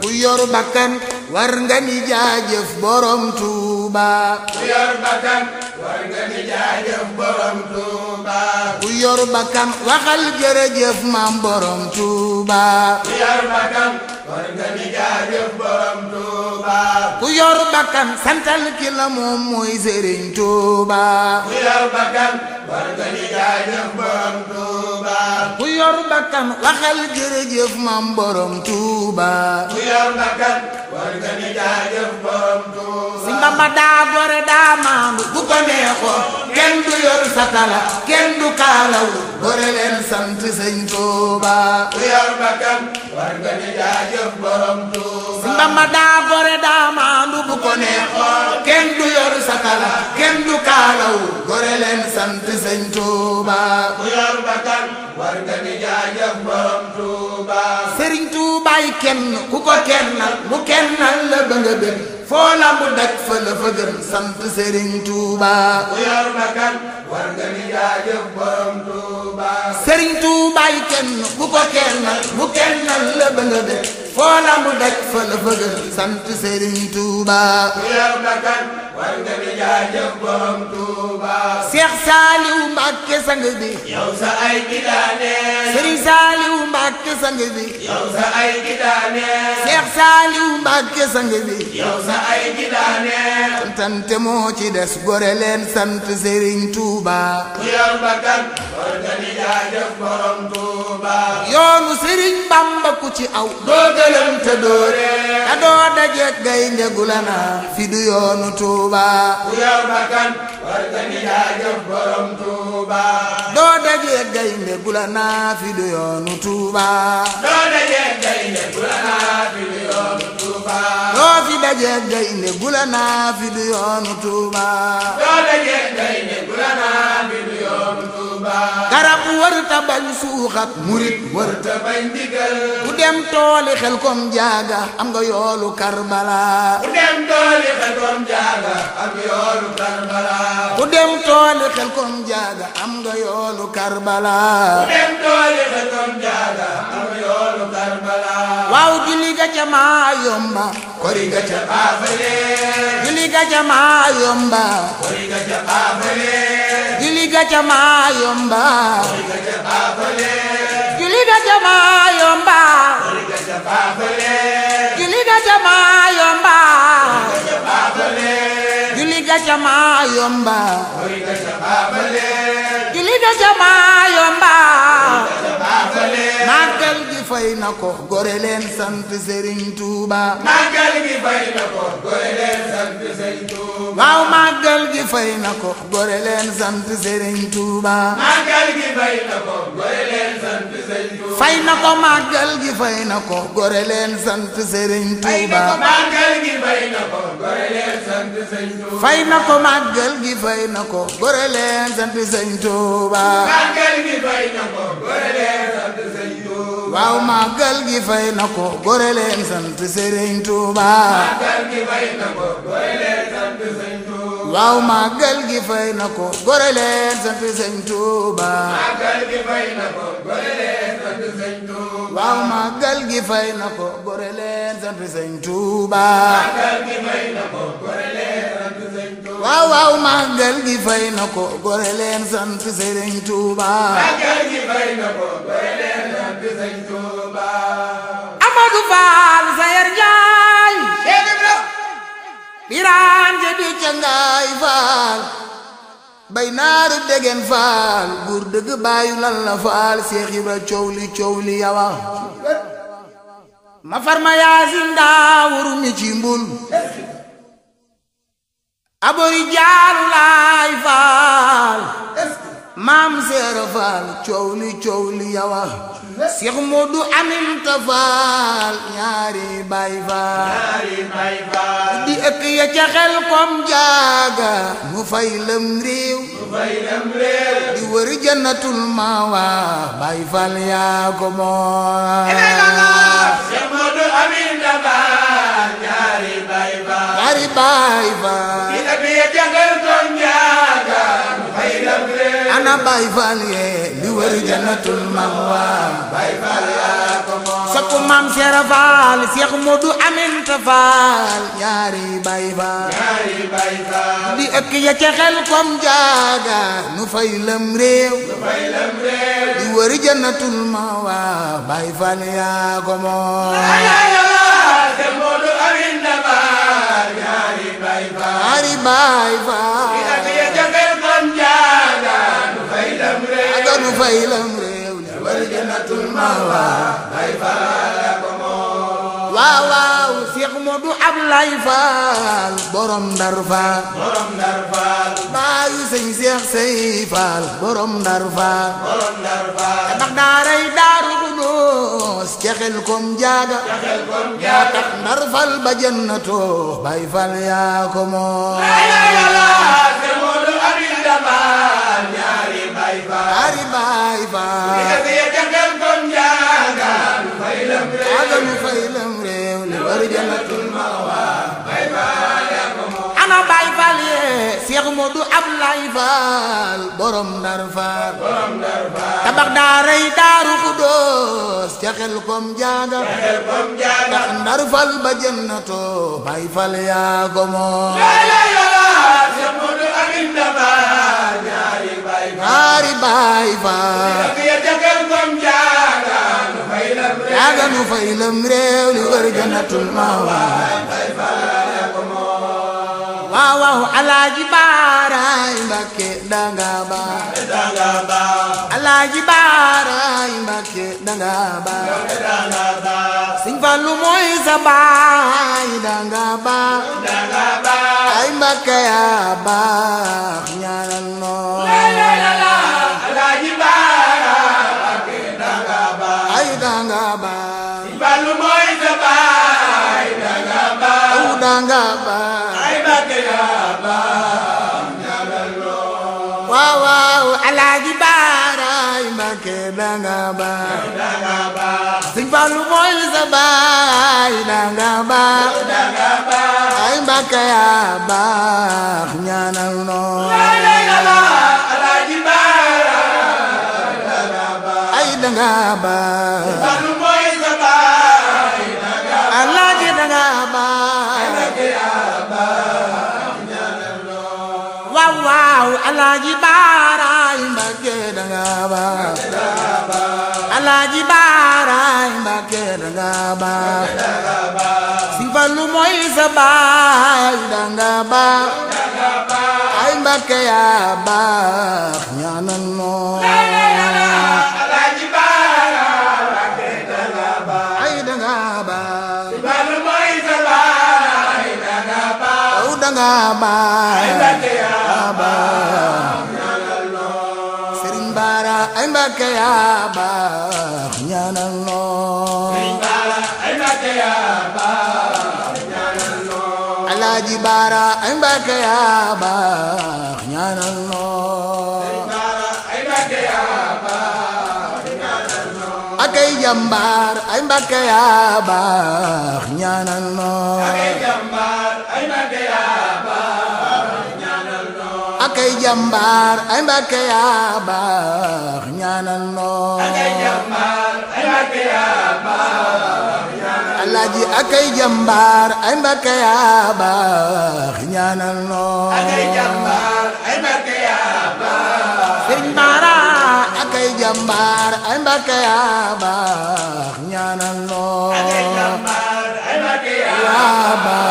ku yor bakkan war nga ni jaajëf borom Tuuba ku yor bakkan war nga ni jaajëf borom Tuuba ku yor bakkan waxal jërëjëf maam borom borom Touba. ku yor bakkan santal ki la moom mooy ku yor bakkan war nga ni jaajëf borom Touba. ku yor bakkan waxal jërëjëf maam borom Touba. ku yor bakkan war nga ni jaajëf borom Touba. si Bamba daa gore daa maandu bu ko neexoo. kenn du yor satala kenn du kaalaw bëre leen sant sëñ Tuuba ku yor bakkan war nga ni borom Tuuba ndama daa gore daa bu ko neexoon kenn du yor satala kenn du kaalaw bëre leen sant sëñ Tuuba ku yor bakkan war nga ni borom Tuuba sëriñ Tuubaay kenn ku ko kennal mu kennal la ba nga foo lambu daj fa la fa gën sant Serigne Touba. ku yor bakkan war nga ni borom Touba. Serigne Touba yi kenn bu ko kennal bu kennal la ba nga def foo lambu ku yor bakkan war nga ni jaajëf borom Touba. Cheikh Saliou Mbacké sang bi. yow sa ay gidaane. Mbàkke sang bi yow sa ay gidaane Seex Saaliw Mbàkke sang bi yow sa ay gidaane santante moo ci des gore leen sant Sëriñ Tuuba ku yor bakkan war nga ni jaajëf borom Tuuba yoonu Sëriñ Bamba ci aw doo gëlëm te doo ree te gaynde gu la fi du Tuuba ku yow bakkan war nga ni borom Tuuba doo dajeek gaynde gu la fi du Tuuba doo dajeek gaynde gu la fi du Tuuba doo fi gaynde garab warta bañ suuxat murit warta bañ ndigal ku dem tooli xel kom jaaga am nga yoolu karbala ku dem tooli xel kom jaaga am yoolu karbala ku dem tooli xel kom jaaga am nga yoolu karbala ku dem tooli ga ca yomba kori ga ca maa yomba kori ga maa yomba fay na ko gore leen sant Serigne Touba. màggal fay na ko gore leen fay na ko gore sant Serigne Touba. màggal fay na ko gore leen sant Serigne Touba. fay na ko màggal sant Serigne Touba. fay waaw màggal gi fay na ko gore leen gi fay na ko gore leen sant gi fay na ko gore leen sant gi fay na ko gore faal sayar njaay biraan ja di cangaay faal bay naaru degen faal buur dëgg baayu lan la faal Seex Ibra coow li Seex Moodu Aminta Faal ñaari Baay Faal di ëkk ya ca xel kom jaaga mu Faal yaa ko Faal na Baay Faal yee li wër jannatul ma'waa Baay Faal yaa ko moom sakku maam Seera Faal Seex Moodu Aminta ya ca li wër jannatul ma'waa Baay Faal yaa ko moom faylam réew li wal jannatul mawa lay faala ko moom waaw waaw Seex Moodu Ablaay Faal borom Ndar Faal borom Ndar Faal baayu sëñ Seex Sey Faal borom Ndar Faal borom Ndar Faal tabax daaray Daaru Xudoos jaxel kom jaaga jaxel kom jaaga Ndar Faal ba jannatoo Baay Faal yaa ko moom lay lay la Seex Moodu Ablaay Faal ñaari Baay Faal fayfa adamu faylam réew li war jannatul mawa ana baay faal yee seex moodu ablaay faal borom ndar faal tabax daaray daaru xuddoos ca xel kom jaaga ndax ndar ba jannatoo baay faal yaa ko yaari baay faal yaaga nu fay lëm réew li wër jannatul mawaan waaw waaw alaaji baaraay mbakke danga ba alaaji baaraay mbakke danga ba sëñ Fallu mooy sa baay danga ba ay mbakke yaa baax ñaa alaaji baaraay Mbàkke danga baax danga baax Sëñ Fallu mooy sa baay danga baax danga baax ay Mbàkke yaa baax ñaanal noo alaaji baaraay danga baax ay danga baax Sëñ Fallu mooy sa baay danga baax alaaji danga baax ay Mbàkke yaa baax ñaanal noo waaw waaw alaaji baaraay baaraay Mbàkke danga alaaji baaraay Mbàkke danga baax si Fallu mooy sa baay danga baax ay Mbàkke yaa baax ñaanal noo Mbàkke yaa baax ñaanal noo Sëriñ Baara ay Mbàkke yaa baax ñaanal noo Alaaji Baara ay Mbàkke yaa baax ñaanal noo Sëriñ Baara ay Mbàkke yaa baax ñaanal noo akay jàmbaar ay Mbàkke yaa baax ñaanal noo akay jàmbaar akay jàmbaar ay mbàkke yaa baax ñaanal akay jàmbaar ay mbàkke yaa baax alaaji akay jàmbaar ay mbàkke yaa baax ñaanal